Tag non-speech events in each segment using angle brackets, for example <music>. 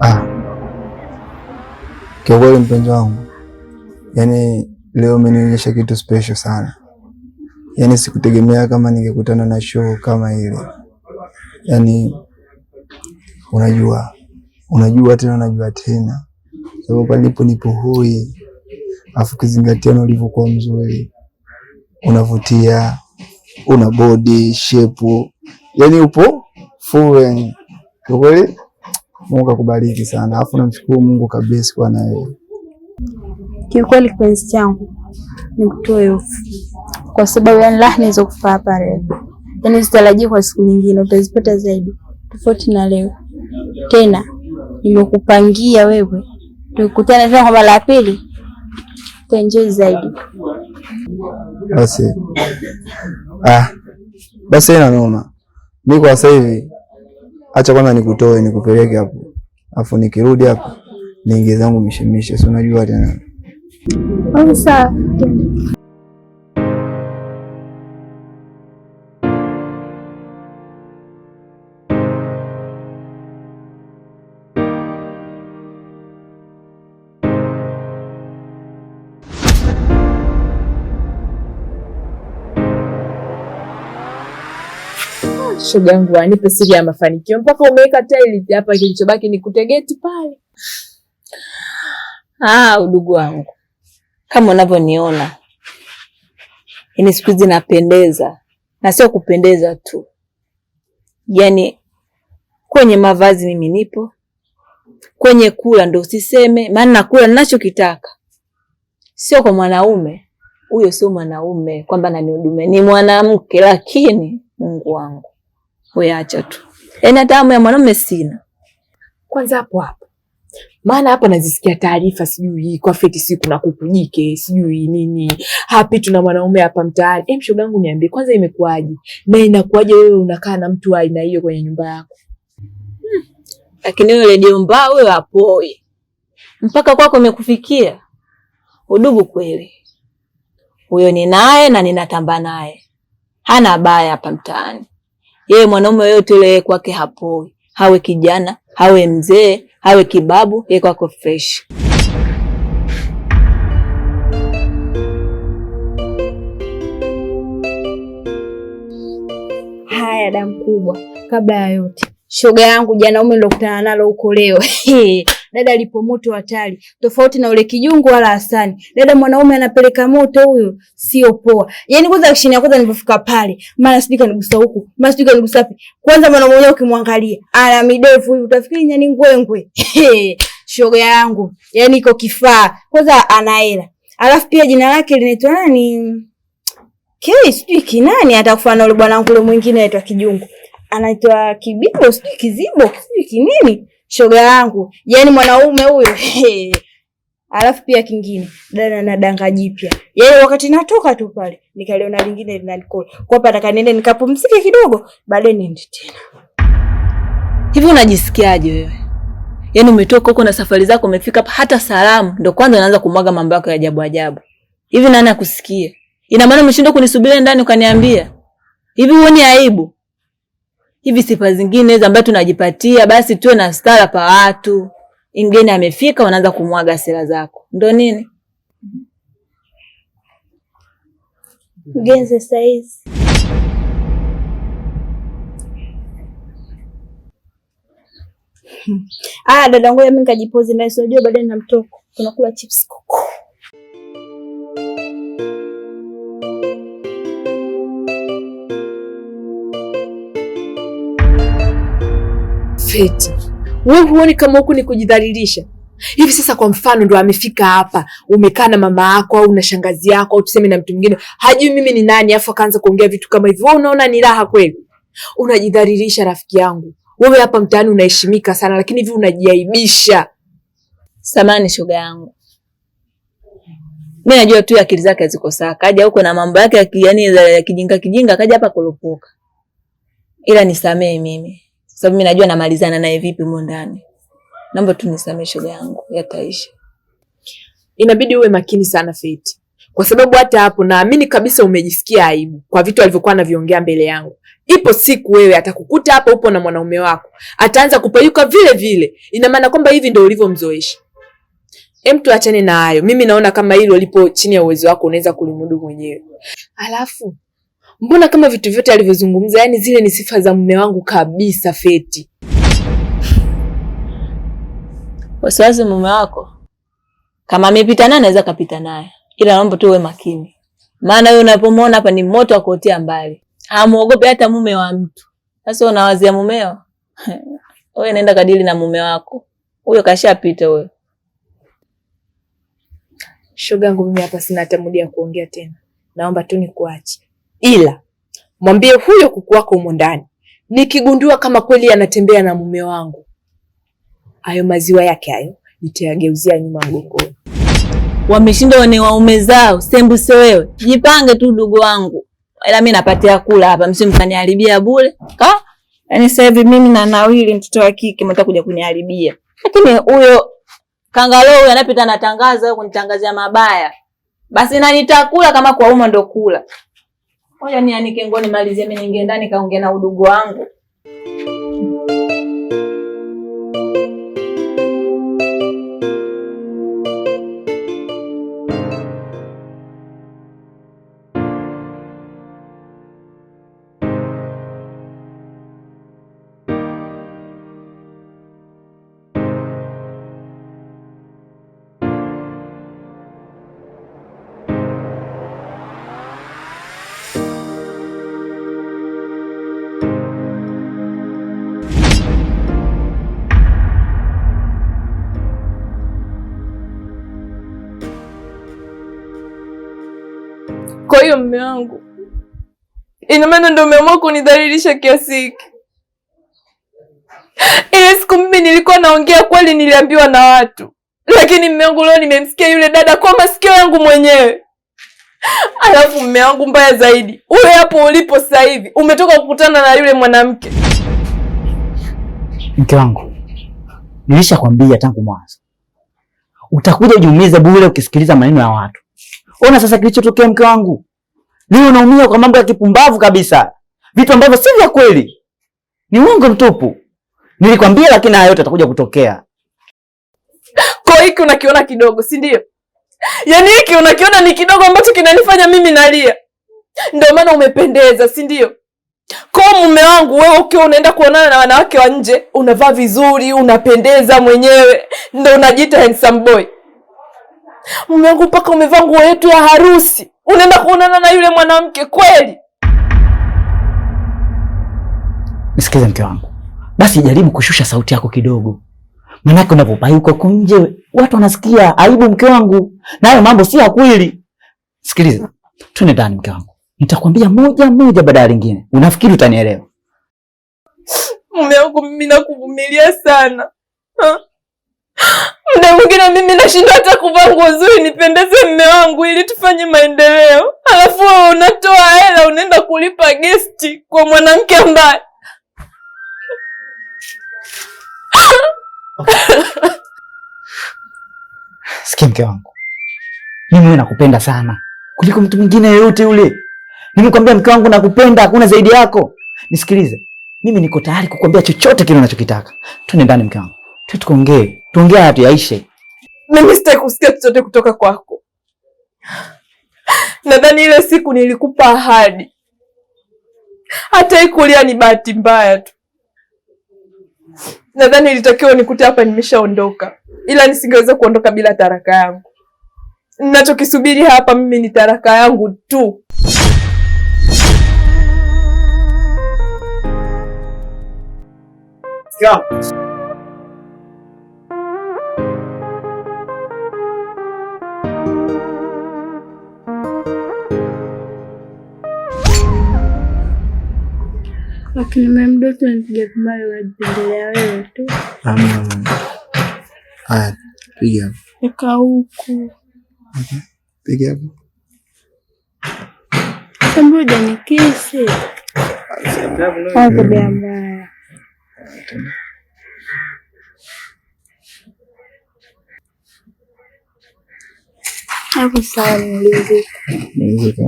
Ah, kiukweli mpenzi wangu, yaani leo umenionyesha kitu special sana. Yaani sikutegemea kama ningekutana na show kama ile. Yaani unajua, unajua tena, unajua tena, sababu palipo nipo hui, afu kizingatia na ulivyokuwa mzuri, unavutia, una body shape, yaani upo full, yaani, kiukweli Mungu akubariki sana, alafu namshukuru Mungu kabisa kwa na wewe. Kiukweli kipenzi changu nikutoe hofu, kwa sababu yani niweza kufa hapa leo, yani sitarajii kwa siku nyingine utazipata zaidi tofauti na leo. Tena nimekupangia wewe, tukutane tena kwa mara ya pili, tuenjoy zaidi. Basi ah, basi ina mi kwa sasa hivi acha kwanza nikutoe nikupeleke hapo, afu nikirudi hapo niingie zangu mishemishe, si unajua tena. shoga yangu, anipe siri ya mafanikio. Mpaka umeweka tile hapa, kilichobaki ni kutegeti pale. Ah, udugu wangu, kama unavyoniona, yaani siku hizi napendeza, na sio kupendeza tu, yaani kwenye mavazi mimi nipo, kwenye kula ndo usiseme, maana nakula ninachokitaka. Sio kwa mwanaume huyo, sio mwanaume kwamba nanihudumia, ni mwanamke. Lakini Mungu wangu kuyacha tu. Yaani hata hamu ya mwanaume sina. Kwanza hapo hapo. Maana hapa nazisikia taarifa sijui kwa feti si kuna kuku sijui nini. Hapi tuna mwanaume hapa mtaani. Hem, shoga yangu niambie kwanza imekuaje? Na inakuaje wewe unakaa na mtu aina hiyo kwenye nyumba yako? Hmm. Lakini ledi mba wewe apoi Mpaka kwako imekufikia. Udugu kweli. Huyo ni naye na ninatamba naye. Hana baya hapa mtaani. Yeye mwanaume yote yule yeye kwake hapoi, hawe kijana, hawe mzee, hawe kibabu, yeye kwako fresh. Haya, damu kubwa, kabla ya yote shoga yangu, jana ume kutana nalo huko leo <laughs> dada alipo moto hatari, tofauti na ule kijungu wala Hasani. Dada mwanaume anapeleka moto huyo, sio poa. Yani kwanza action ya kwanza nilipofika pale, mara sijui kanigusa huku, mara sijui kanigusa wapi. Kwanza mwanaume mwenyewe ukimwangalia, ana midevu hivi utafikiri nyani ngwengwe. <laughs> Shoga yangu, yani iko kifaa. Kwanza ana hela. Alafu pia jina lake linaitwa nani? Kei, sijui kinani atakufanana ule bwana wangu mwingine anaitwa Kijungu. Anaitwa Kibibo, sijui Kizibo, sijui kinini shoga yangu, yaani mwanaume huyo alafu pia kingine dada na danga jipya, yeye, yaani wakati natoka tu pale nikaliona lingine linanikola kwa hapa, nataka niende nikapumzike kidogo, baadaye niende tena. Hivi unajisikiaje wewe? Yaani umetoka huko na safari zako, umefika hapa, hata salamu ndo kwanza unaanza kumwaga mambo yako ya ajabu ajabu. Hivi nani akusikie? Ina maana umeshindwa kunisubiria ndani ukaniambia? Hivi huoni aibu? hivi sifa zingine ambazo tunajipatia, basi tuwe na stara pa watu. Mgeni amefika, wanaanza kumwaga sera zako, ndo nini mgenze saizi. Ah, <laughs> dada ngoja mimi nikajipozi naye, unajua baadaye na mtoko tunakula chips kuku Feti, we huoni kama huku ni kujidhalilisha? Hivi sasa kwa mfano ndo amefika hapa, umekaa na mama yako au na shangazi yako au tuseme na mtu mwingine, hajui mimi ni nani, afu akaanza kuongea vitu kama hivyo, wewe unaona ni raha kweli? Unajidhalilisha rafiki yangu. Wewe hapa mtaani unaheshimika sana, lakini hivi unajiaibisha. Samani shoga yangu, mi najua tu akili zake haziko sawa, kaja huko na mambo yake yani ya kijinga kijinga, kaja hapa kulopoka, ila nisamee mimi sababu mimi najua namalizana naye vipi huko ndani. Naomba tunisamehe shoga yangu, yataisha. Inabidi uwe makini sana Feti, kwa sababu hata hapo naamini kabisa umejisikia aibu kwa vitu alivyokuwa anaviongea mbele yangu. Ipo siku wewe atakukuta hapo upo na mwanaume wako, ataanza kupayuka vile vile. Ina maana kwamba hivi ndio ulivyomzoesha. Hem, tuachane na hayo. Mimi naona kama hilo lipo chini ya uwezo wako, unaweza kulimudu mwenyewe. Alafu Mbona kama vitu vyote alivyozungumza, yani zile ni sifa za mume wangu kabisa. Feti, wasiwasi mume wako kama amepita naye anaweza kapita naye, ila naomba tu uwe makini, maana wewe unapomwona hapa ni moto wa kuotea mbali. hamuogopi hata mume wa mtu. Sasa unawazia mumeo <laughs> wewe, nenda kadili na mume wako huyo, kashapita wewe. Shoga yangu, mimi hapa sina hata muda ya kuongea tena, naomba tu nikuache ila mwambie huyo kuku wako humo ndani, nikigundua kama kweli anatembea na mume wangu, hayo maziwa yake hayo nitayageuzia nyuma mgongoni. Wameshinda ni waume zao, sembuse wewe. Jipange tu dugu wangu, ila mi napatia kula hapa, msimkaniharibia bure. Yani sasa hivi mimi na nawili mtoto wa kike mta kuja kuniharibia, lakini huyo kangalo huyo anapita natangaza kunitangazia mabaya, basi nanitakula kama kwa uma ndo kula Ngoja nianike nguo nimalizie, mimi ningeenda nikaongea na udugu wangu. hiyo mme wangu, ina maana ndio umeamua kunidhalilisha kiasi hiki? Ile siku mimi nilikuwa naongea kweli, niliambiwa na watu, lakini mme wangu leo nimemsikia yule dada kwa masikio yangu mwenyewe. Alafu mume wangu, mbaya zaidi, uwe hapo ulipo sasa hivi umetoka kukutana na yule mwanamke. Mke wangu, nilishakwambia tangu mwanzo utakuja ujiumize bure ukisikiliza maneno ya watu. Ona sasa kilichotokea mke wangu. Leo unaumia kwa mambo ya kipumbavu kabisa, vitu ambavyo si vya kweli, ni uongo mtupu. Nilikwambia, lakini haya yote atakuja kutokea. Kwa hiki unakiona kidogo, si ndio? Yaani hiki unakiona ni kidogo ambacho kinanifanya mimi nalia. Ndio maana umependeza, si ndio? Kwa mume wangu wewe ukiwa unaenda kuonana na wanawake wa nje, unavaa vizuri, unapendeza mwenyewe, ndio unajiita handsome boy. Mume wangu mpaka umevaa nguo yetu ya harusi unaenda kuonana na yule mwanamke kweli? Nisikize mke wangu, basi jaribu kushusha sauti yako kidogo, maanake unavopayuka huko nje watu wanasikia aibu. Mke wangu, na hayo mambo si ya kweli. Sikiliza, twende ndani mke wangu, nitakwambia moja moja baada ya lingine, unafikiri utanielewa. Mume wangu, mimi nakuvumilia sana ha? Muda mwingine mimi nashindwa hata kuvaa nguo nzuri nipendeze mme wangu ili tufanye maendeleo, alafu wewe unatoa hela unaenda kulipa gesti kwa mwanamke ambaye <laughs> Sikia mke wangu, mimi wewe nakupenda sana kuliko mtu mwingine yeyote yule. Nimekwambia mke wangu, nakupenda, hakuna zaidi yako. Nisikilize, mimi niko tayari kukwambia chochote kile unachokitaka. Twende ndani mke wangu, tukaongee tuongea hatu yaishe. Mimi sitaki kusikia chochote kutoka kwako. Nadhani ile siku nilikupa ahadi, hata ikulia ni bahati mbaya tu. Nadhani ilitakiwa nikute hapa nimeshaondoka, ila nisingeweza kuondoka bila taraka yangu. Ninachokisubiri hapa mimi ni taraka yangu tu. Yeah. Lakini mimi mdoto nisijakubali, unajipendelea wewe tu. Haya, piga hapo. Weka huku. Piga hapo. Sambu janikisi. Hapo mm. mbaya. Hapo sawa nilizika. Nilizika.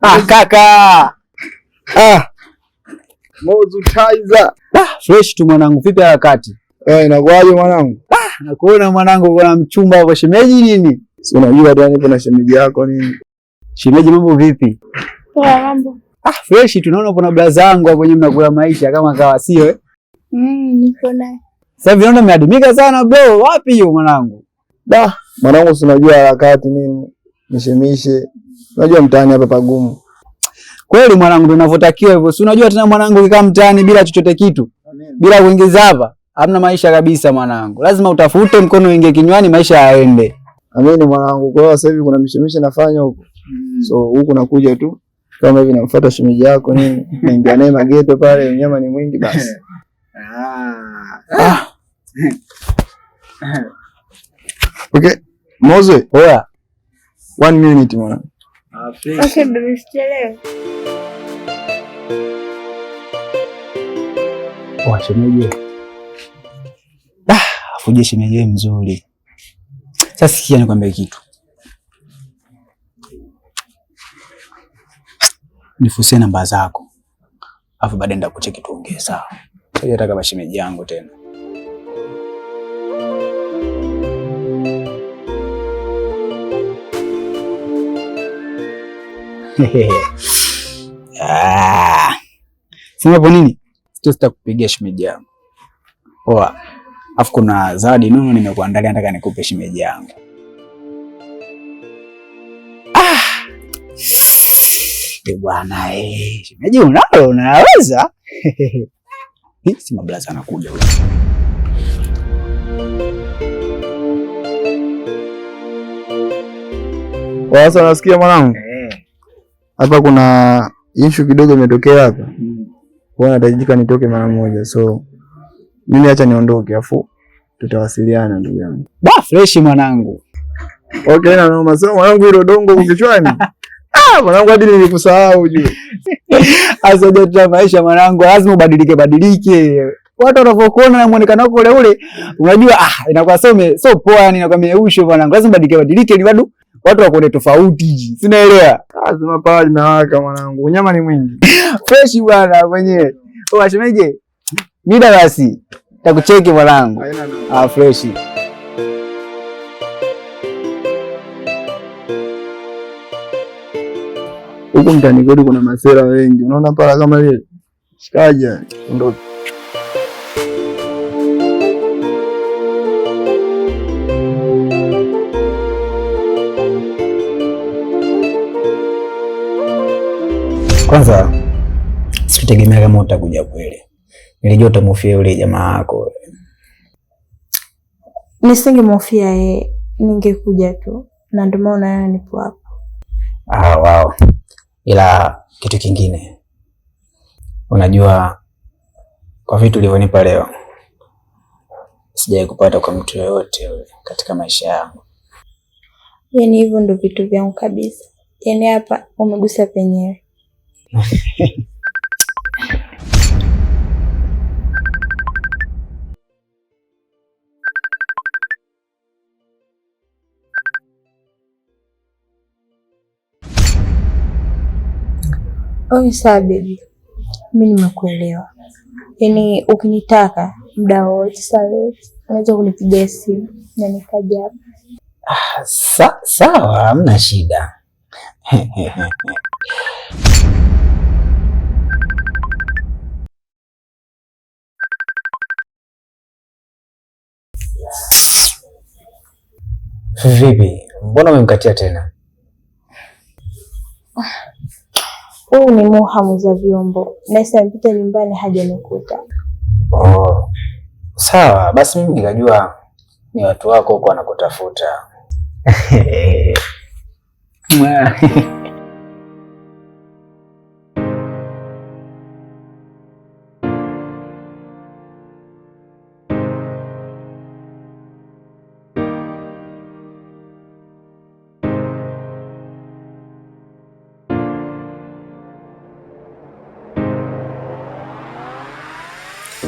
Ah, kaka. Ah. Mozu Taiza. Ah, fresh tu mwanangu, vipi harakati? Eh, inakuaje mwanangu? Ah, nakuona mwanangu kuna mchumba wa shemeji nini? Si unajua tu nipo yaani na shemeji yako nini? Shemeji mambo vipi? Poa mambo. Ah, fresh tunaona kuna bla zangu hapo nyuma mnakula maisha kama kawa sio eh? Mm, niko na. Sasa vinaona umeadimika sana bro, wapi hiyo mwanangu? Da, mwanangu si unajua harakati nini? Nishemishe. Unajua mtaani hapa pagumu. Kweli mwanangu, ndo inavyotakiwa hivyo. Si unajua tena mwanangu, ukikaa mtaani bila chochote kitu, bila kuingiza hapa, hamna maisha kabisa mwanangu. Lazima utafute, mkono uingie kinywani, maisha yaende. Amini mwanangu. Kwa hiyo sasa hivi kuna mishemishe nafanya huko, hmm. so huku nakuja tu kama hivi, namfuata shemeji yako nini, naingia naye mageto pale, mnyama ni mwingi basi. Ah. ah. Okay, Moze, oya, one minute mwanangu Okay, baby, usichelewe. Shemeji, ah, afuje shemeji mzuri. Sasa sikia, nikwambia kitu, nifusie namba zako, afu baadaye ndakucheki tuongee, sawa? Sasa nataka yangu tena simapo <laughs> Sema hapo nini? Sitakupigia shemeji yangu. Poa. Afu kuna zawadi nono nimekuandalia, nataka nikupe shemeji yangu. Ah. Bwana eh, shemeji unalo unaweza? Sema <laughs> blaza anakuja huyo. Sasa nasikia mwanangu. Eh, hapa kuna issue kidogo imetokea hapa mm. Kwa natajika nitoke mara moja, so mimi acha niondoke, afu tutawasiliana ndugu yangu. Ba fresh mwanangu. Okay na noma. So mwanangu, hilo dongo kichwani. <laughs> Ah, mwanangu hadi nilikusahau ujue. <laughs> Asaje tu maisha mwanangu, lazima ubadilike badilike. Watu wanapokuona na muonekano wako ule ule, unajua ah, inakuwa sio so poa, yani inakuwa mieusho mwanangu, lazima badilike badilike ni bado watu wakuone tofauti, sinaelewa. Lazima pawa linawaka mwanangu, unyama ni mwingi <laughs> freshi bwana mwenyewe. Oh, Washemeje mida basi, takucheki mwanangu, ah freshi huku mtani kuna masera wengi, unaona pala kama ile shikaja ndio Kwanza sikutegemea kama utakuja kweli, nilijua utamhofia yule jamaa yako. Nisingemhofia yeye, ningekuja tu, na ndio maana nipo hapo. Ah, wow. Ila kitu kingine, unajua kwa vitu ulivyonipa leo sijai kupata kwa mtu yoyote yule katika maisha yangu. Yani hivyo ndo vitu vyangu kabisa, yani hapa umegusa penyewe. Oye, sawa bebi, mi nimekuelewa. Yaani ukinitaka muda wote sawe, unaweza kunipigia simu na nikaja hapa. Ah, sawa, hamna shida <laughs> Vipi, mbona umemkatia tena? Huu ni Mohamu za vyombo, nasi amepita nyumbani hajanikuta. Oh, sawa basi, mimi nikajua ni watu wako huko wanakutafuta. <laughs>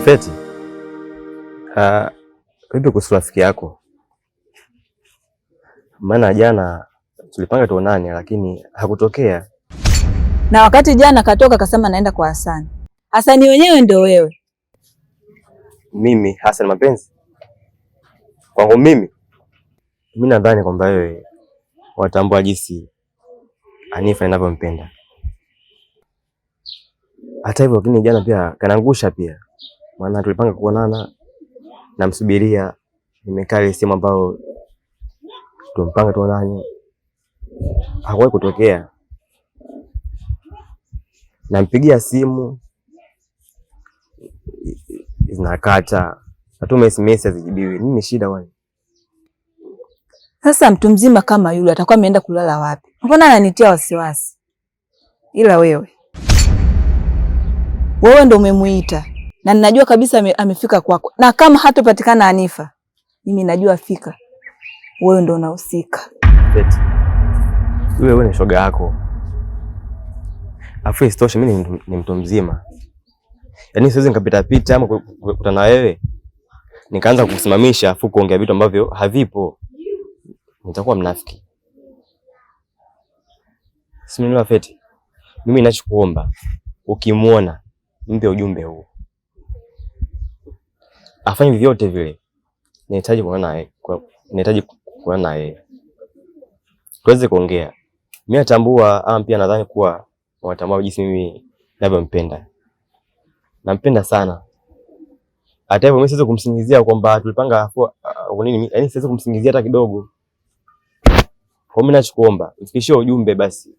Mtafeti, vipi kuhusu rafiki yako? Maana jana tulipanga tuonane, lakini hakutokea, na wakati jana katoka kasema naenda kwa Hasani. Hasani wenyewe ndio wewe. Mimi Hasani mapenzi kwangu mimi, mi nadhani kwamba wewe watambua jinsi Hanifa inavyompenda. Hata hivyo, lakini jana pia kanangusha pia maana tulipanga kuonana, namsubiria, nimekaa ile sehemu ambayo tumpanga tuonane, hakuwahi kutokea. Nampigia simu zinakata, natuma SMS hazijibiwi. Nini shida wani? Sasa mtu mzima kama yule atakuwa ameenda kulala wapi? Mbona ananitia wasiwasi? Ila wewe wewe ndo umemuita na ninajua kabisa amefika kwako, na kama hatopatikana Anifa, mimi najua fika wewe ndo unahusika. Wewe ni shoga yako, afu isitoshe mimi ni mtu mzima, yaani siwezi nkapitapita ama kukutana wewe nikaanza kusimamisha afu kuongea vitu ambavyo havipo, nitakuwa mnafiki. Simeniwa Feti, mimi nachokuomba ukimwona mpe ujumbe huu afanye vyote vile, nahitaji kuona naye, nahitaji kuona naye tuweze kuongea. Mimi natambua ama pia nadhani kuwa watambua jinsi mimi ninavyompenda, nampenda sana. Hata hivyo mimi siwezi kumsingizia kwamba tulipanga uh, nini, yaani siwezi kumsingizia hata kidogo. Kwa mimi nachokuomba mfikishie ujumbe basi,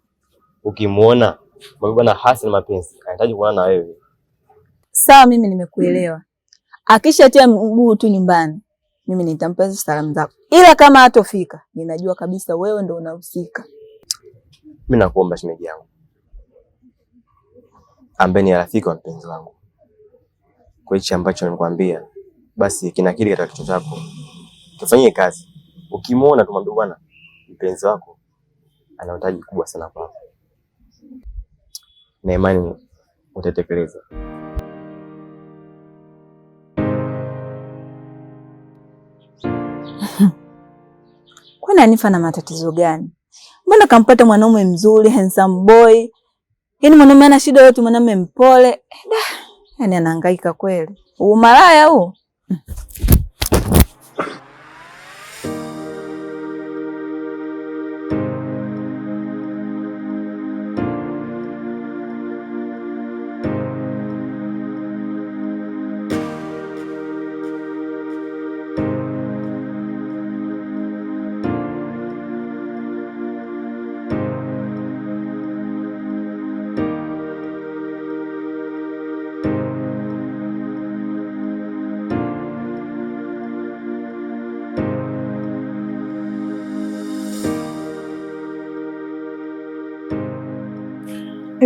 ukimuona bwana hasi na mapenzi, anahitaji kuona na wewe. Sawa, mimi nimekuelewa Akishatia mguu tu nyumbani, mimi nitampeza salamu zako, ila kama hatofika, ninajua kabisa wewe ndo unahusika. Mimi nakuomba shemeji yangu, ambaye ni rafiki wa mpenzi wangu, kwa hichi ambacho nimekwambia, basi kinakili katika kichwa chako, tufanyie kazi. Ukimwona tumwambie bwana, mpenzi wako ana hitaji kubwa sana kwako, na imani utatekeleza. mbona Hanifa na matatizo gani? Mbona kampata mwanaume mzuri, handsome boy, yaani mwanaume ana shida yote, mwanaume mpole da, yaani anahangaika kweli. Umalaya huu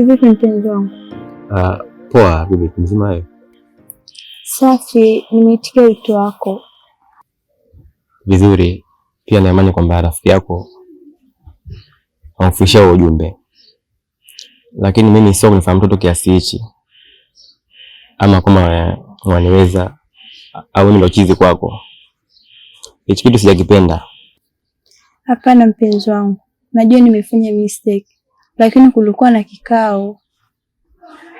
Vipi mpenzi wangu? Ah, poa bibi, mzima wewe? Safi, nimeitikia wito wako vizuri. Pia naimani kwamba rafiki yako amfuishia huo ujumbe, lakini mimi sio kunifahamu mtoto kiasi hichi, ama kama waniweza au nilo chizi kwako. Hichi kitu sijakipenda. Hapana mpenzi wangu, najua nimefanya mistake lakini kulikuwa na kikao,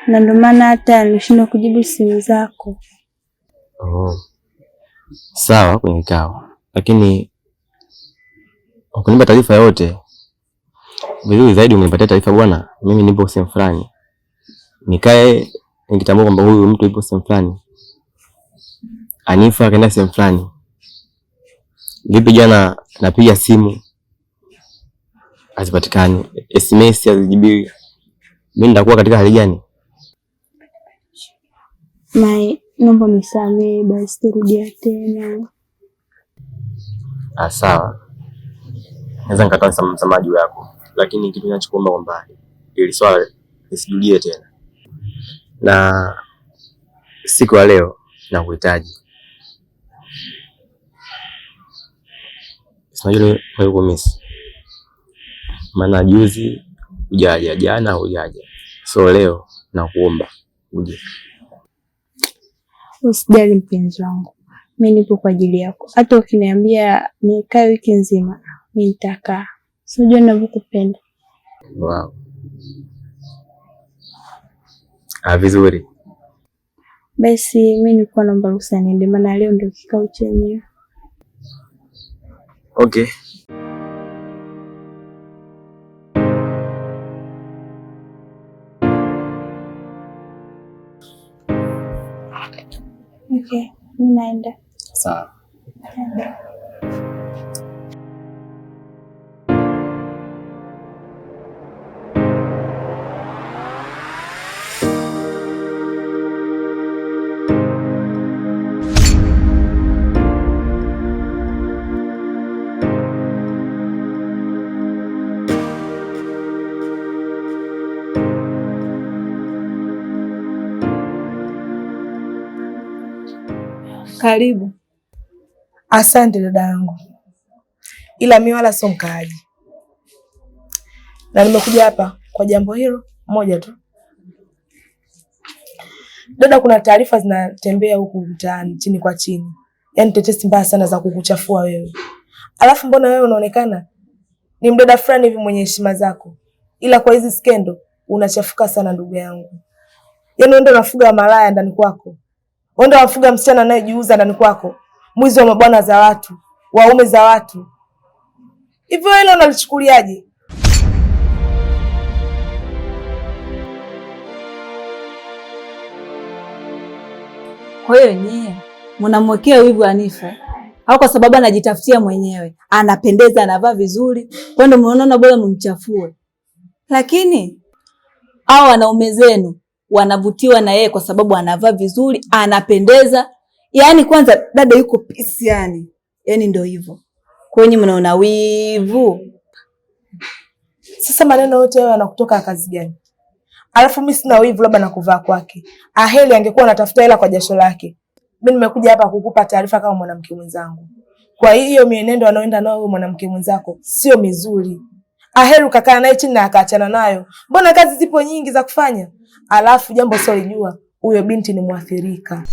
na ndio maana hata nilishindwa kujibu simu zako. Oh. Sawa, kwenye kikao, lakini ukunipa taarifa yote vizuri zaidi. Umenipatia taarifa bwana, mimi nipo sehemu fulani, nikae nikitambua kwamba huyu mtu yupo sehemu fulani. Anifa akaenda sehemu fulani. Vipi jana napiga simu hazipatikani, SMS hazijibiwi, mimi nitakuwa katika hali gani? Mai, naomba nisamehe basi, turudia tena. Ah, sawa, naweza nikatoa msamaha juu yako, lakini kitu ninachokuomba kwamba ili swala lisijirudie tena, na siku ya leo nakuhitaji. Unajua nimekumiss maana juzi hujaja, jana hujaja, so leo nakuomba uje. Usijali mpenzi wangu, mi nipo kwa ajili yako. Hata ukiniambia nikae wiki nzima, mi nitakaa. Sijua ninavyokupenda. Wow. Ah, vizuri basi, mi nilikuwa naomba ruhusa niende, maana leo ndio kikao chenyewe. Okay. Okay, ninaenda sawa. Karibu. Asante dada yangu, ila mi wala sio mkaaji, na nimekuja hapa kwa jambo hilo moja tu. Dada, kuna taarifa zinatembea huku mtaani chini kwa chini, yaani tetesi mbaya sana za kukuchafua wewe, alafu mbona wewe unaonekana ni mdada fulani hivi mwenye heshima zako, ila kwa hizi skendo unachafuka sana ndugu yangu, yaani ndo nafuga unafuga malaya ndani kwako. Wenda wafuga msichana anayejiuza ndani kwako, mwizi wa mabwana za watu, waume za watu. Hivyo hilo unalichukuliaje? Kwa hiyo nyie mnamwekea wivu Hanifa au kwa sababu anajitafutia mwenyewe, anapendeza, anavaa vizuri, kwa ndio mnaona bora mumchafue, lakini au wanaume zenu wanavutiwa na yeye kwa sababu anavaa vizuri, anapendeza. Yaani kwanza dada yuko pisi, yani Yaani ndio hivyo. Kwa hiyo mnaona wivu. Sasa maneno yote hayo yanakutoka kazi gani? Alafu mimi sina wivu, labda nakuvaa kwake. Aheli angekuwa anatafuta hela kwa jasho lake. Mimi nimekuja hapa kukupa taarifa kama mwanamke mwenzangu. Kwa hiyo mienendo anaoenda nao mwanamke mwenzako sio mizuri. Aheru kakaa naye chini na akaachana nayo. Mbona kazi zipo nyingi za kufanya? Alafu jambo usiolijua, huyo binti ni mwathirika.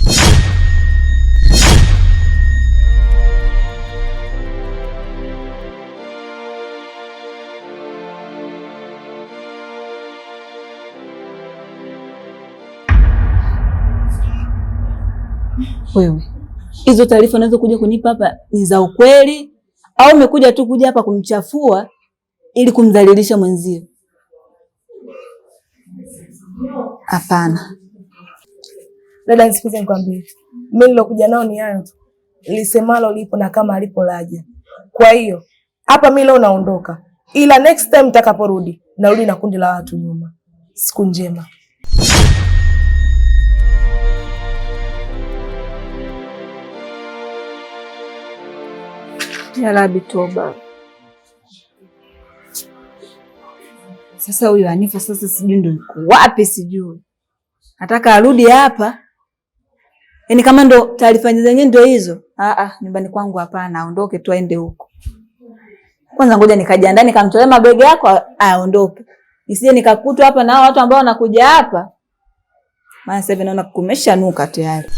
Wewe hizo taarifa unazokuja kuja kunipa hapa ni za ukweli au umekuja tu kuja hapa kumchafua ili kumdhalilisha mwenzio? Hapana dada, nisikize nikwambie, mimi nilokuja nao ni hayo tu, lisemalo lipo na kama alipolaja. Kwa hiyo hapa mi leo naondoka, ila next time nitakaporudi narudi na kundi la watu nyuma. Siku njema. Ya Rabbi, toba. Sasa huyu Hanifa sasa sijui ndo yuko wapi, sijui nataka arudi hapa. Yaani kama ndo taarifa zenyewe ndo hizo, nyumbani kwangu hapana, aondoke tu aende huko. Kwanza ngoja nikajiandaa nikamtolea mabegi yako aondoke, nisije nikakutwa hapa na watu ambao wanakuja hapa, maana sasa hivi naona kumeshanuka tayari.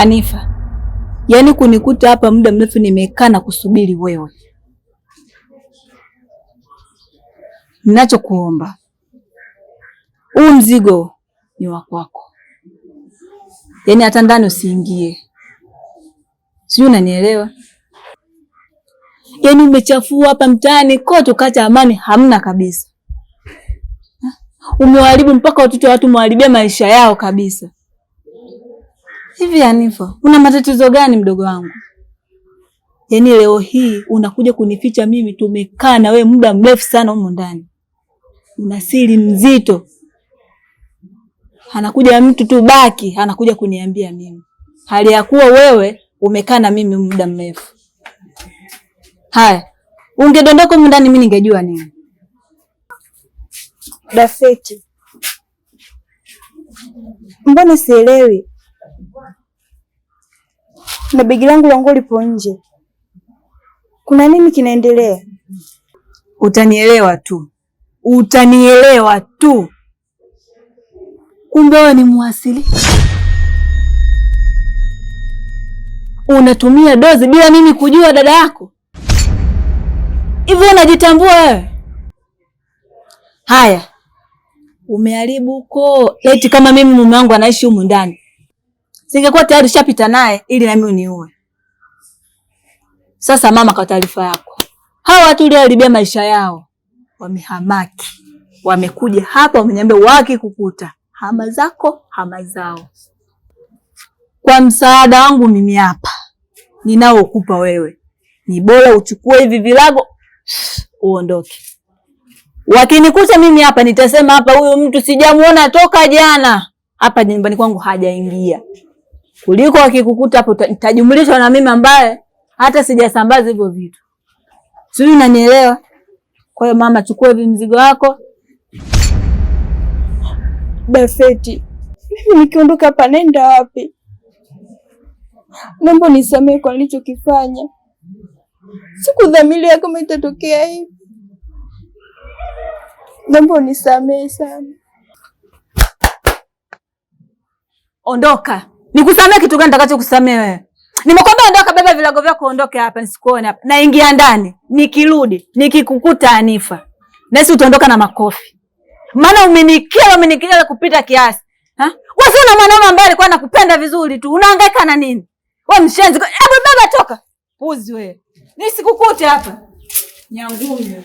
Anifa, yaani kunikuta hapa muda mrefu nimekaa na kusubiri wewe. Ninachokuomba, huu mzigo ni wa kwako, yaani hata ndani usiingie. Sijui unanielewa? Yaani umechafua hapa mtaani kote, ukacha amani hamna kabisa. umewaribu mpaka watoto wa watu, umewaharibia maisha yao kabisa. Hivi Hanifa, una matatizo gani mdogo wangu? Yaani leo hii unakuja kunificha mimi, tumekaa na wewe muda mrefu sana humo ndani, una siri mzito. Anakuja mtu tu baki, anakuja kuniambia mimi, hali ya kuwa wewe umekaa na mimi muda mrefu. Haya, ungedondoka humo ndani, mimi ningejua nini? Dafeti, mbona sielewi na begi langu la nguo lipo nje. Kuna nini kinaendelea? Utanielewa tu, utanielewa tu. Kumbe wewe ni muasili, unatumia dozi bila mimi kujua. Dada yako hivyo unajitambua wewe? Haya, umeharibu uko Eti kama mimi mume wangu anaishi humu ndani singekuwa tayari shapita naye ili nami uniue. Sasa mama, kwa taarifa yako, hawa watu ulioharibia maisha yao wamehamaki, wamekuja hapa, wameniambia waki kukuta hama zako hama zao. Kwa msaada wangu mimi hapa ninaokupa wewe, ni bora uchukue hivi vilago uondoke. Wakinikuta mimi hapa, nitasema hapa, huyu mtu sijamuona toka jana, hapa nyumbani kwangu hajaingia kuliko akikukuta hapo nitajumlishwa na mimi ambaye hata sijasambaza hivyo vitu, sijui unanielewa? Kwa hiyo mama, chukua hivi mzigo wako Bafeti. Mimi nikiondoka hapa naenda wapi? Naomba nisamehe kwa nilichokifanya, sikudhamiria kama itatokea hivi. Naomba nisamehe sana. Ondoka. Nikusamee kitu gani nitakacho kusamee wewe? Nimekwambia ondoka, beba vilago vyako ondoke hapa nisikuone hapa. Naingia ndani, nikirudi, nikikukuta Anifa. Na sisi utaondoka na makofi. Maana umenikera, umenikera kupita kiasi. Ha? Wewe una mwanaume ambaye alikuwa anakupenda vizuri tu. Unahangaika na nini? Wewe mshenzi. Hebu baba toka. Puzi wewe. Nisikukute hapa. Nyangumi.